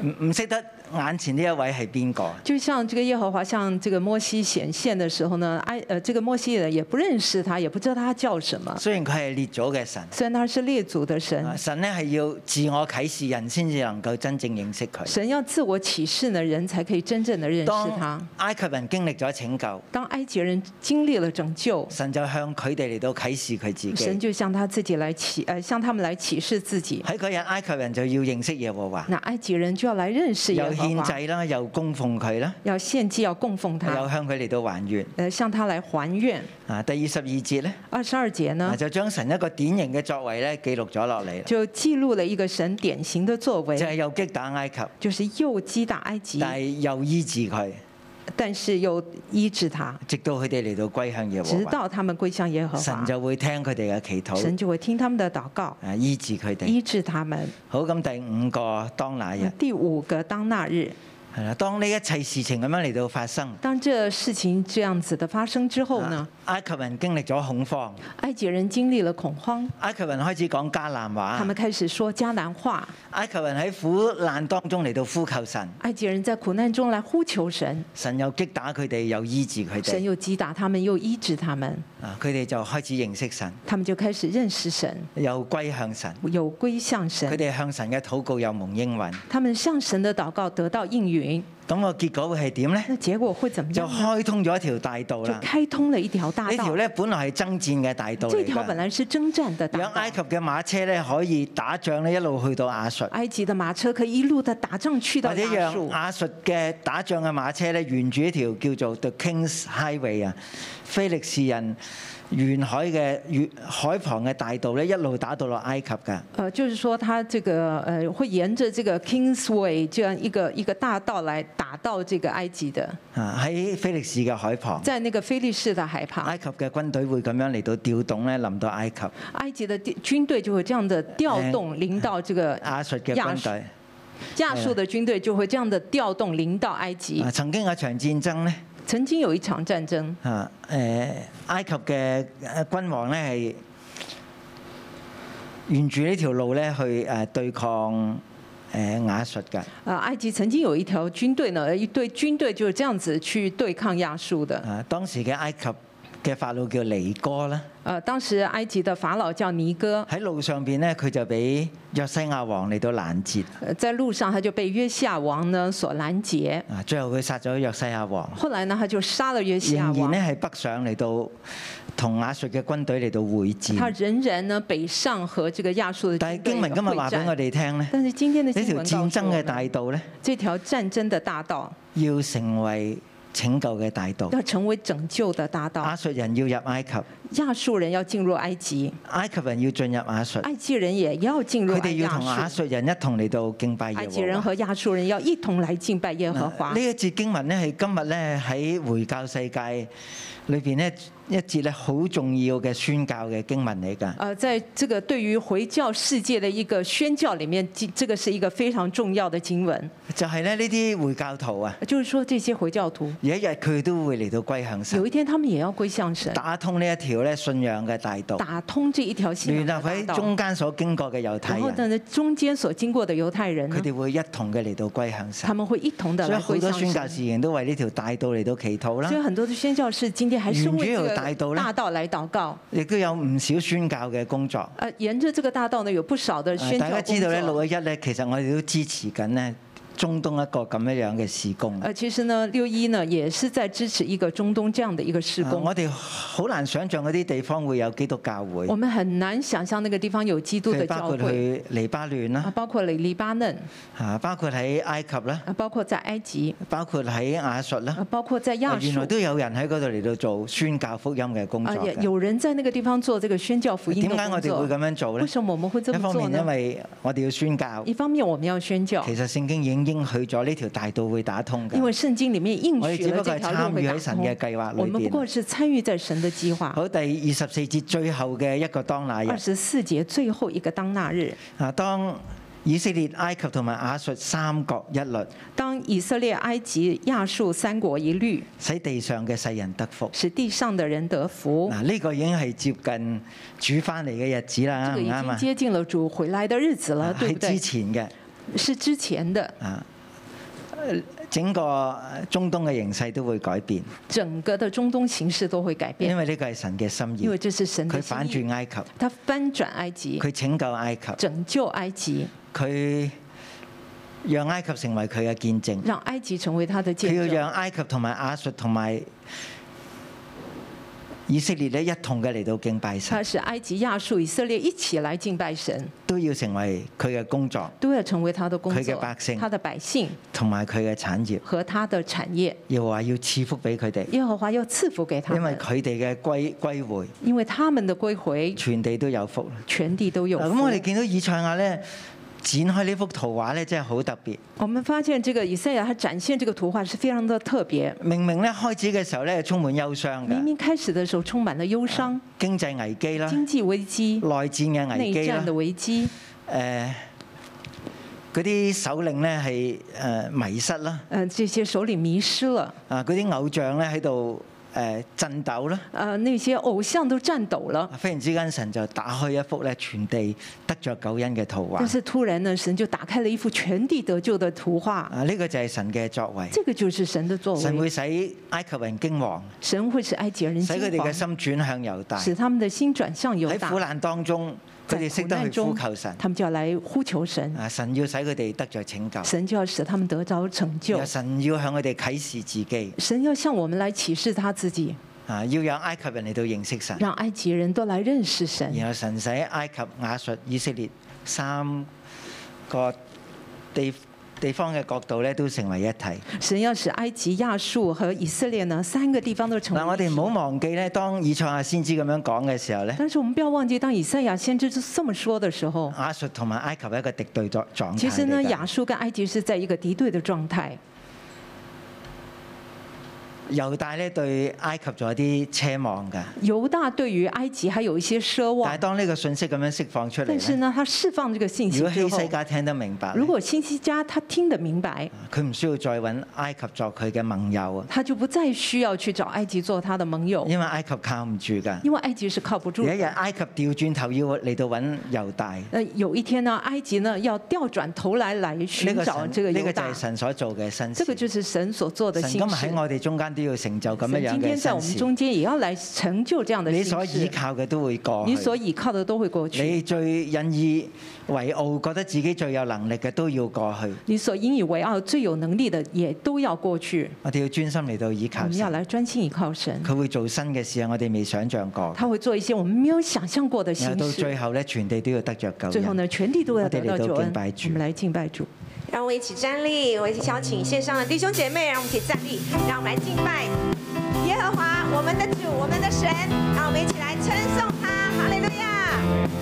唔唔識得。眼前呢一位係邊個？就像這個耶和華向這個摩西顯現的時候呢，埃呃這個摩西人也不認識他，也不知道他叫什麼。雖然佢係列祖嘅神，雖然他是列祖的神，神呢係要自我啟示人先至能夠真正認識佢。神要自我啟示呢，人才可以真正的認識他。埃及人經歷咗拯救，當埃及人經歷了拯救，神就向佢哋嚟到啟示佢自己。神就向他自己來啟，呃向他們來啟示自己。喺佢人，埃及人就要認識耶和華，那埃及人就要來認識耶。獻祭啦，又供奉佢啦，又獻祭，又供奉佢，又向佢嚟到還願，誒，向他嚟還願。啊，第二十二節咧，二十二節呢，就將神一個典型嘅作為咧記錄咗落嚟，就記錄了一個神典型的作為，就係又擊打埃及，就是又擊打埃及，但係又醫治佢。但是又醫治他，直到佢哋嚟到歸向耶和華。直到他們歸向耶和華，神就會聽佢哋嘅祈禱，神就會聽他們嘅禱告，醫治佢哋，醫治他們。好，咁第五個當那日，第五個當那日，係啦，當呢一切事情咁樣嚟到發生，當這事情這樣子的發生之後呢？埃及人經歷咗恐慌。埃及人經歷了恐慌。埃及人開始講迦南話。他們開始說迦南話。埃及人喺苦難當中嚟到呼求神。埃及人在苦難中嚟呼求神。神又擊打佢哋，又醫治佢哋。神又擊打他們，又醫治他們。啊，佢哋就開始認識神。他們就開始認識神。又歸向神。又歸向神。佢哋向神嘅禱告有蒙應允。他們向神的禱告得到應允。咁個結果會係點咧？那結果會怎麼樣？就開通咗一條大道啦。就開通咗一條大道。呢條咧本來係征戰嘅大道嚟嘅。呢條本來係征戰嘅大，大道。如果埃及嘅馬車咧可以打仗咧一路去到亞述。埃及嘅馬車可以一路的打仗去到亞述。或者讓亞述嘅打仗嘅馬車咧沿住一條叫做 The King's Highway 啊。菲力士人沿海嘅沿海旁嘅大道咧，一路打到落埃及㗎。誒，就是說，他這個誒會沿着這個 Kingsway，這樣一個一個大道來打到這個埃及的。啊，喺菲力士嘅海旁。在那個菲力士嘅海旁。埃及嘅軍隊會咁樣嚟到調動咧，臨到埃及。埃及嘅軍隊就會這樣的調動，臨到這個亞述嘅軍隊。亞述嘅軍隊就會這樣的調動，臨到埃及。曾經有場戰爭呢。曾經有一場戰爭啊！誒，埃及嘅君王咧，係沿住呢條路咧，去誒對抗誒亞述嘅。啊！埃及曾經有一條軍隊呢，一隊軍隊就係這樣子去對抗亞述嘅。啊！當時嘅埃及。嘅法老叫尼哥啦。誒，當時埃及嘅法老叫尼哥。喺路上邊咧，佢就俾約西亞王嚟到攔截。誒，在路上佢就被約西亞王呢所攔截。啊，最後佢殺咗約西亞王。後來呢，佢就殺咗約西亞王。仍然呢係北上嚟到同亞述嘅軍隊嚟到會戰。他仍然呢北上和這個亞述嘅。但係經文今日話俾我哋聽咧，但係今天呢條戰爭嘅大道咧，呢條戰爭嘅大道要成為。拯救的大道，要成為拯救的大道。亞述人要入埃及。亞述人要進入埃及，埃及人要進入亞述，埃及人也要進入亞述。佢哋要同亞述人一同嚟到敬拜耶和華。埃及人和亞述人要一同嚟敬拜耶和華。呢一節經文呢，係今日咧喺回教世界裏邊呢，一節咧好重要嘅宣教嘅經文嚟噶。啊，在這個對於回教世界的一個宣教裏面，即這個是一個非常重要的經文。就係咧呢啲回教徒啊，就是說這些回教徒，有一日佢都會嚟到歸向神。有一天他們也要歸向神，打通呢一條。信仰嘅大道，打通這一條線。原來佢喺中間所經過嘅猶太人，中間所經過的猶太人，佢哋會一同嘅嚟到歸向神。他們會一同的。所以好多宣教士都為呢條大道嚟到祈禱啦。所以很多的宣，宣教士今天還是為呢條大道嚟大道來禱告，亦都有唔少宣教嘅工作。誒，沿着這個大道呢，有不少嘅宣教，的、啊大的宣教。大家知道咧，六一一咧，其實我哋都支持緊呢。中東一個咁樣樣嘅事工。誒，其實呢，六一呢，也是在支持一個中東這樣的一個事工。啊、我哋好難想象嗰啲地方會有基督教會。我們很難想象那個地方有基督的教會。包括去黎巴嫩啦。包括黎黎巴嫩。嚇！包括喺埃及咧。包括在埃及。包括喺亞述啦。包括在亞洲、啊。原來都有人喺嗰度嚟到做宣教福音嘅工作。有人在那個地方做這個宣教福音。點解我哋會咁樣做呢？一方面因為我哋要宣教。一方面我們要宣教。其實聖經已經。應去咗呢條大道會打通噶。因為聖經裏面應許咗呢條路，我哋不過參與喺神嘅計劃裏。我們不過是參與在神的計劃。好，第二十四節最後嘅一個當那日。二十四節最後一個當那日。啊，當以色列、埃及同埋亞述三國一律。當以色列、埃及、亞述三國一律，使地上嘅世人得福。使地上嘅人得福。嗱，呢個已經係接近主翻嚟嘅日子啦，已經接近了主回來的日子了，對，之前嘅。是之前的啊，整個中東嘅形勢都會改變。整個的中東形勢都會改變。因為呢個係神嘅心意。因為這是神的。佢反轉埃及。他翻轉埃及。佢拯救埃及。拯救埃及。佢讓埃及成為佢嘅見證。讓埃及成為他的見證。佢要讓埃及同埋亞述同埋。以色列咧一同嘅嚟到敬拜神，他是埃及亞述以色列一起來敬拜神，都要成為佢嘅工作，都要成為他的工作，佢嘅百姓，他的百姓，同埋佢嘅產業，和他的產業，又話要賜福俾佢哋，又話要賜福給他們，因為佢哋嘅歸歸回，因為他們的歸回，全地都有福，全地都有福。咁我哋見到以賽亞咧，展開呢幅圖畫咧，真係好特別。我們發現這個以賽亞他展現這個圖畫是非常的特別。明明咧開始嘅時候咧，充滿憂傷嘅。明明開始嘅時候充滿了憂傷。經濟危機啦。經濟危機。內戰嘅危機啦。內戰的危機。誒，嗰啲首領咧係誒迷失啦。誒，這些首領迷失啦。啊，嗰啲偶像咧喺度。誒震抖啦！啊，那些偶像都震抖了。忽然之間，神就打開一幅咧全地得着救恩嘅圖畫。但是突然呢，神就打開了一幅全地得救的圖畫。啊，呢個就係神嘅作為。這個就是神的作為。神會使埃及人驚惶。神會使埃及人驚惶。使佢哋嘅心轉向猶大。使他們的心轉向猶大。喺苦難當中，佢哋識得去呼求神，他們就要來呼求神。啊，神要使佢哋得着拯救。神就要使他們得着拯救。神要向佢哋啟示自己。神要向我們來啟示他自己。啊，要讓埃及人嚟到認識神。讓埃及人都來認識神。然後神使埃及、亞述、以色列三個地。地方嘅角度咧，都成為一體。所要使埃及、亞述和以色列呢三個地方都成。嗱，我哋唔好忘記咧，當以賽亞先知咁樣講嘅時候咧。但是我們不要忘記，當以賽亞先知咁樣說嘅時候。亞述同埋埃及喺一個敵對狀狀態。其實呢，亞述跟埃及是在一個敵對的狀態。猶大咧對埃及仲有啲奢望㗎。猶大對於埃及還有一些奢望。但係當呢個信息咁樣釋放出嚟。但是呢，他釋放呢個信息之後。如果希西家聽得明白。如果希西家他聽得明白。佢唔需要再揾埃及作佢嘅盟友。他就不再需要去找埃及做他的盟友。因為埃及靠唔住㗎。因為埃及是靠唔住。有一日埃及掉轉頭要嚟到揾猶大。有一天呢，埃及呢要掉轉頭來嚟尋找，呢個就係神所做嘅信息。呢個就是神所做嘅信息。今日喺我哋中間要成就咁樣嘅，所以今天在我們中間也要來成就這樣的事情，你所依靠的都會過，你所依靠的都會過去。你最仁義。為傲，覺得自己最有能力嘅都要過去。你所引以為傲最有能力的也都要過去。我哋要專心嚟到倚靠神。我們要來專心倚靠神。佢會做新嘅事啊！我哋未想象過。他會做一些我們沒有想象過的新事。到最後呢，全地都要得着救恩。最後呢，全地都要得著救恩。我哋嚟到敬拜主。我們來敬拜主。讓我一起站立，我一起邀請線上的弟兄姐妹，讓我們一起站立，讓我們來敬拜耶和華，我們的主，我們的神。讓我們一起來稱頌祂他，哈利路亞！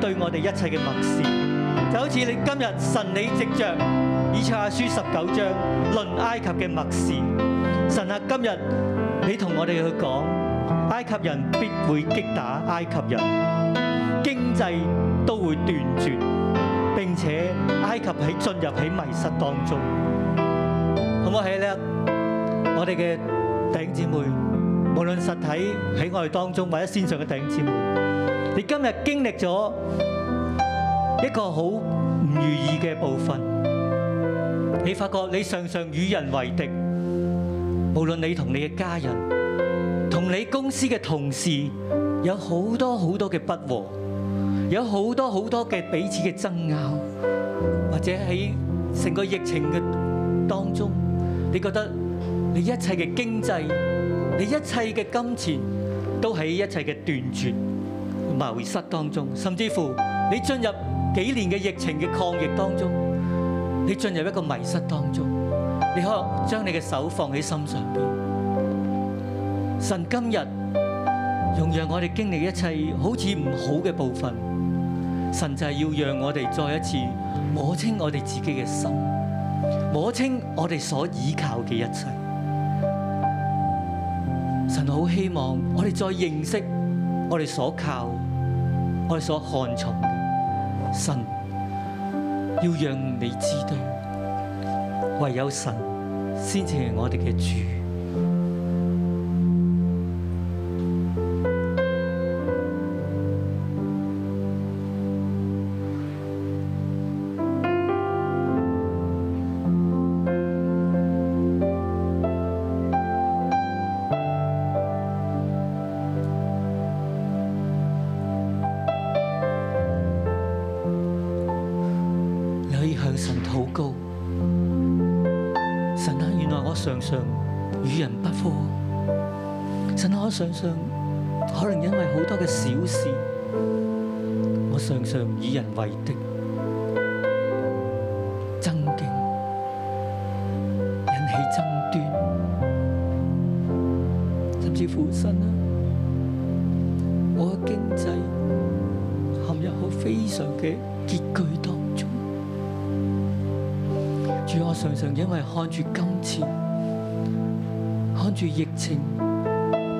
對我哋一切嘅默示，就好似你今日神你藉著以賽亞書十九章論埃及嘅默示，神啊，今日你同我哋去講，埃及人必會擊打埃及人，經濟都會斷絕，並且埃及喺進入喺迷失當中，好唔好喺呢？我哋嘅弟兄姊妹，無論實體喺我哋當中或者線上嘅弟兄姊妹。你今日經歷咗一個好唔如意嘅部分，你發覺你常常與人為敵，無論你同你嘅家人、同你公司嘅同事，有好多好多嘅不和，有好多好多嘅彼此嘅爭拗，或者喺成個疫情嘅當中，你覺得你一切嘅經濟、你一切嘅金錢都喺一切嘅斷絕，迷失當中，甚至乎你進入幾年嘅疫情嘅抗疫當中，你進入一個迷失當中，你可能將你嘅手放喺心上邊。神今日容讓我哋經歷一切好似唔好嘅部分，神就係要讓我哋再一次摸清我哋自己嘅心，摸清我哋所倚靠嘅一切。神好希望我哋再認識我哋所靠。我所看重，神要讓你知道，唯有神先至係我哋嘅主。神禱告，神啊，原來我常常與人不和，神啊，我常常可能因為好多嘅小事，我常常以人為敵。因為看住金錢，看住疫情，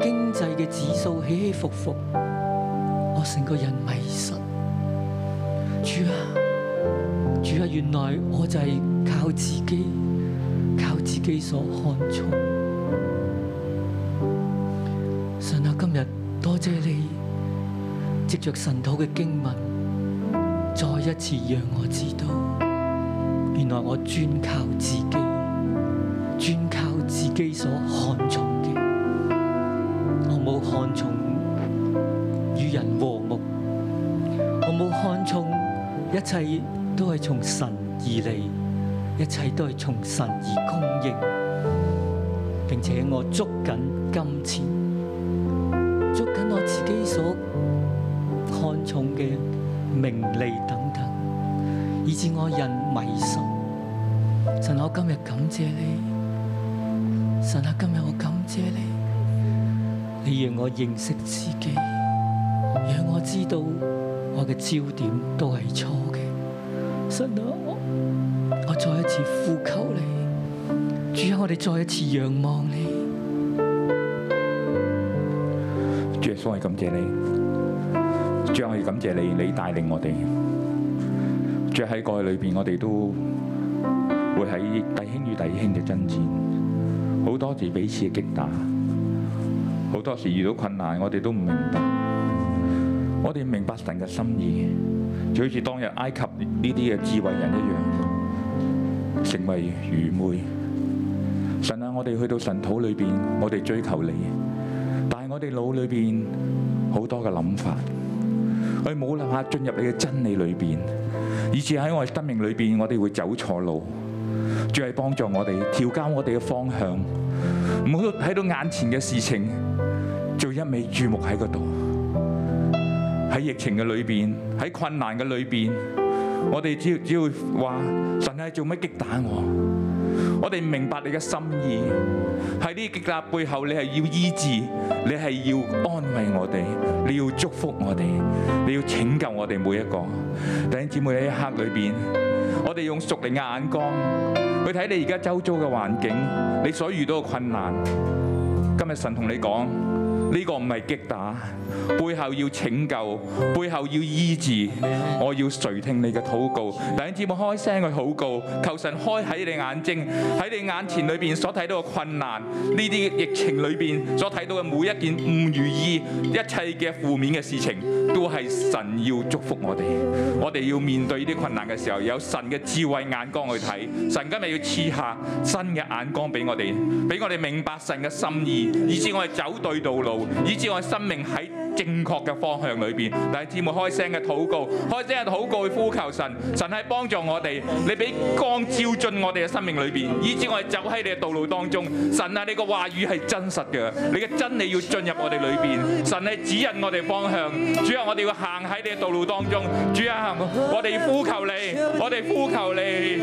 經濟嘅指數起起伏伏，我成個人迷失。主啊，主啊，原來我就係靠自己，靠自己所看出神啊，上下今日多謝你藉着神道嘅經文，再一次讓我知道。原來我專靠自己，專靠自己所看重嘅。我冇看重與人和睦，我冇看重一切都係從神而嚟，一切都係從神而供應，並且我捉緊金錢。謝你，神啊！今日我感謝你，你讓我認識自己，讓我知道我嘅焦點都係錯嘅。神啊，我再一次呼求你，主啊，我哋再一次仰望你。主耶穌，我感謝你，主啊，我感謝你，你帶領我哋。着喺蓋裏邊，我哋都會喺弟兄嘅爭戰，好多時彼此嘅擊打，好多時遇到困難，我哋都唔明白。我哋明白神嘅心意，就好似當日埃及呢啲嘅智慧人一樣，成為愚昧。神啊，我哋去到神土裏邊，我哋追求你，但係我哋腦裏邊好多嘅諗法，我哋冇立刻進入你嘅真理裏邊，以至喺我哋生命裏邊，我哋會走錯路。仲係幫助我哋調校我哋嘅方向，唔好睇到眼前嘅事情，做一味注目喺嗰度。喺疫情嘅裏邊，喺困難嘅裏邊，我哋只只要話神係做乜擊打我？我哋明白你嘅心意。喺呢啲擊打背後，你係要醫治，你係要安慰我哋，你要祝福我哋，你要拯救我哋每一個弟兄姊妹喺每一刻裏邊。我哋用屬靈嘅眼光。去睇你而家周遭嘅環境，你所遇到嘅困難，今日神同你講。呢個唔係擊打，背後要拯救，背後要醫治。我要垂聽你嘅禱告，第二節目開聲去禱告，求神開喺你眼睛，喺你眼前裏邊所睇到嘅困難，呢啲疫情裏邊所睇到嘅每一件唔如意，一切嘅負面嘅事情，都係神要祝福我哋。我哋要面對呢啲困難嘅時候，有神嘅智慧眼光去睇。神今日要賜下新嘅眼光俾我哋，俾我哋明白神嘅心意，以致我哋走對道路。以至我生命喺正確嘅方向裏邊，大家姊妹開聲嘅禱告，開聲嘅禱告去呼求神，神係幫助我哋，你俾光照進我哋嘅生命裏邊，以至我哋走喺你嘅道路當中。神啊，你嘅話語係真實嘅，你嘅真理要進入我哋裏邊。神係指引我哋方向，主要我哋要行喺你嘅道路當中。主啊，我哋要呼求你，我哋呼求你。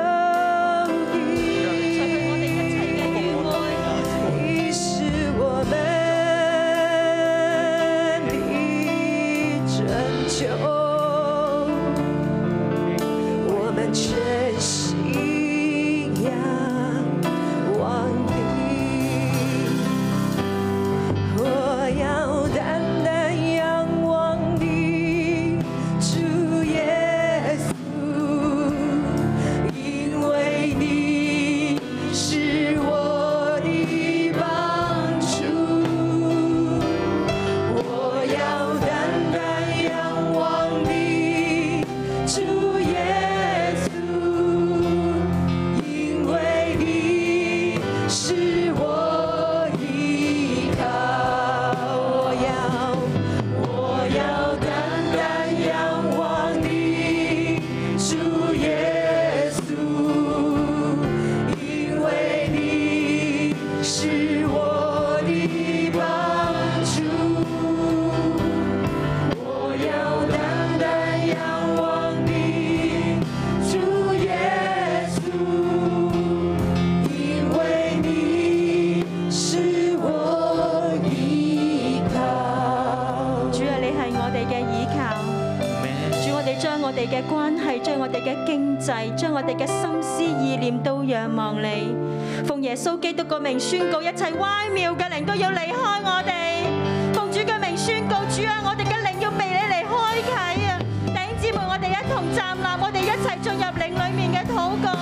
宣告一切歪妙嘅靈都要離開我哋，奉主嘅名宣告，主啊，我哋嘅靈要被你嚟開啟啊！弟兄姊妹，我哋一同站立，我哋一齊進入靈裏面嘅禱告，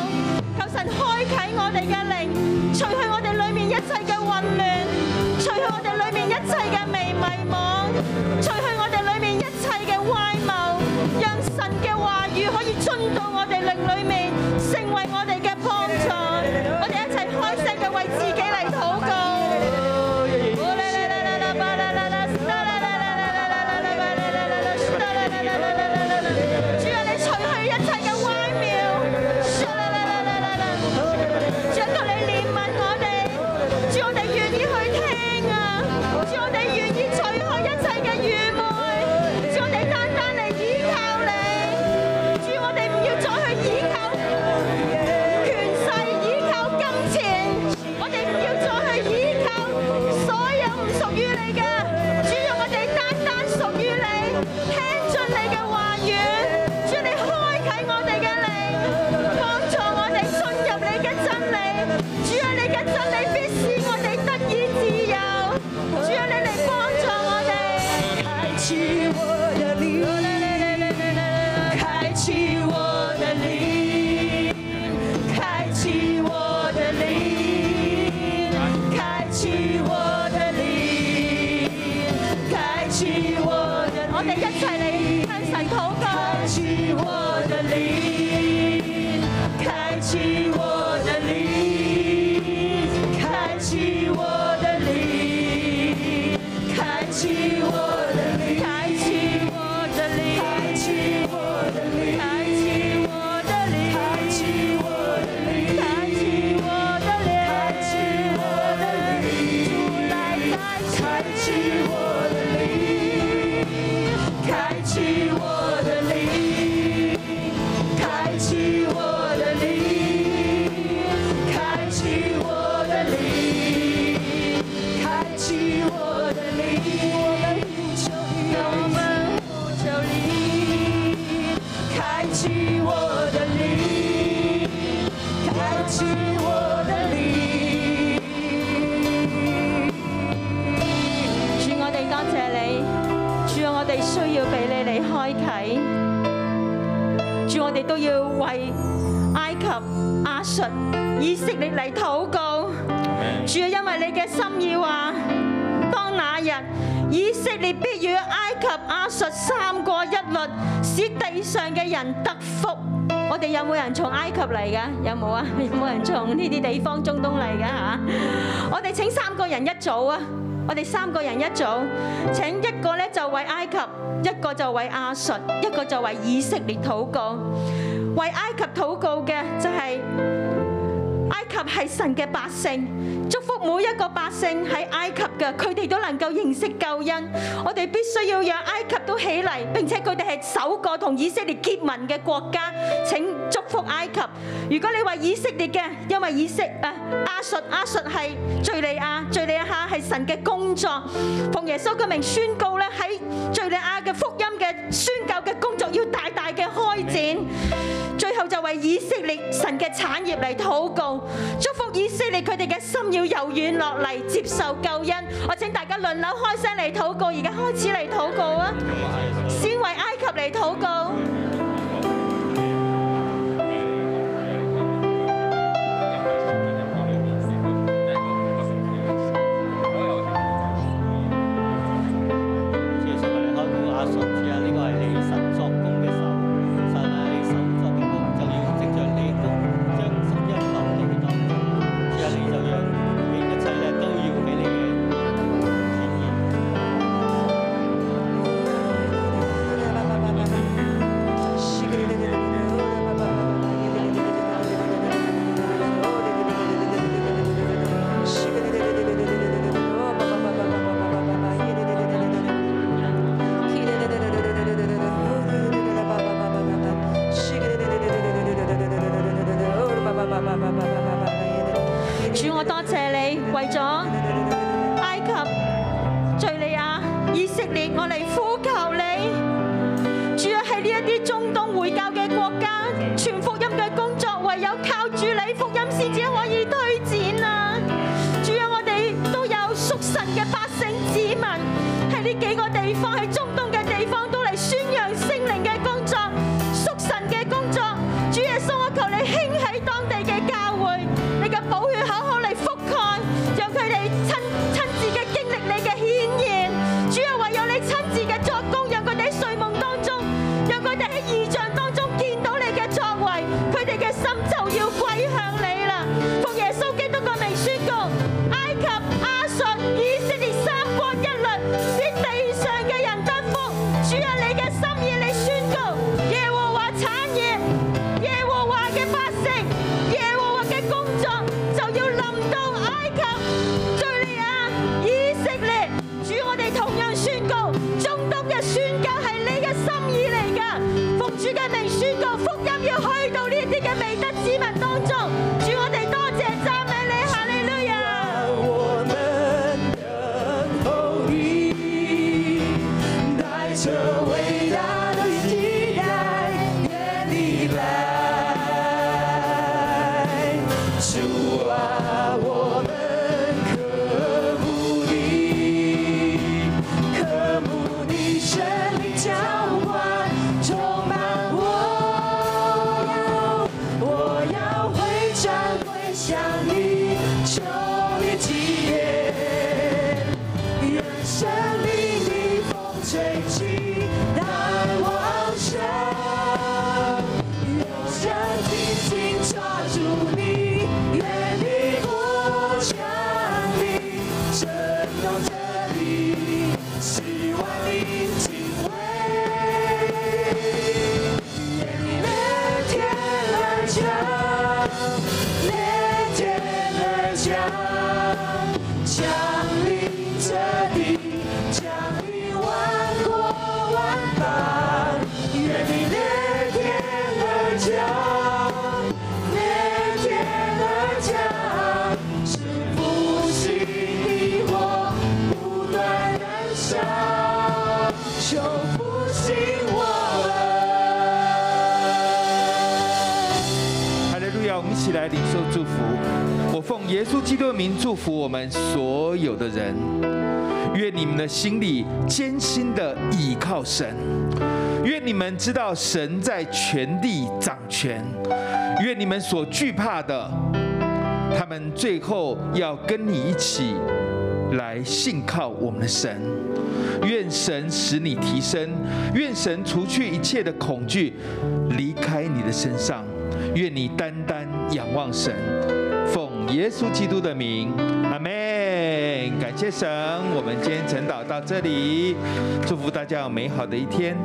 求神開啟我哋嘅靈，除去我哋裏面一切嘅混亂，除去我哋裏面一切嘅迷迷惘，除去我。地上嘅人得福，我哋有冇人從埃及嚟㗎？有冇啊？有冇人從呢啲地方中東嚟㗎嚇？我哋請三個人一組啊！我哋三個人一組，請一個呢就為埃及，一個就為亞述，一個就為以色列禱告。為埃及禱告嘅就係。埃及係神嘅百姓，祝福每一個百姓喺埃及嘅，佢哋都能夠認識救恩。我哋必須要讓埃及都起嚟，並且佢哋係首個同以色列結盟嘅國家。請祝福埃及。如果你話以色列嘅，因為以色啊阿述阿述，係敘利亞，敘利亞係神嘅工作。奉耶穌嘅名宣告咧，喺敘利亞嘅福音嘅宣教嘅工作要大大嘅開展。就就為以色列神嘅產業嚟禱告，祝福以色列佢哋嘅心要柔軟落嚟接受救恩。我請大家輪流開聲嚟禱告，而家開始嚟禱告啊！先為埃及嚟禱告。明祝福我們所有的人，願你們的心裏艱辛的倚靠神，願你們知道神在全地掌權，願你們所懼怕的，他們最後要跟你一起來信靠我們的神。願神使你提升，願神除去一切的恐懼，離開你的身上。願你單單仰望神。耶穌基督的名，阿門。感謝神，我們今天晨禱到這裏，祝福大家有美好的一天。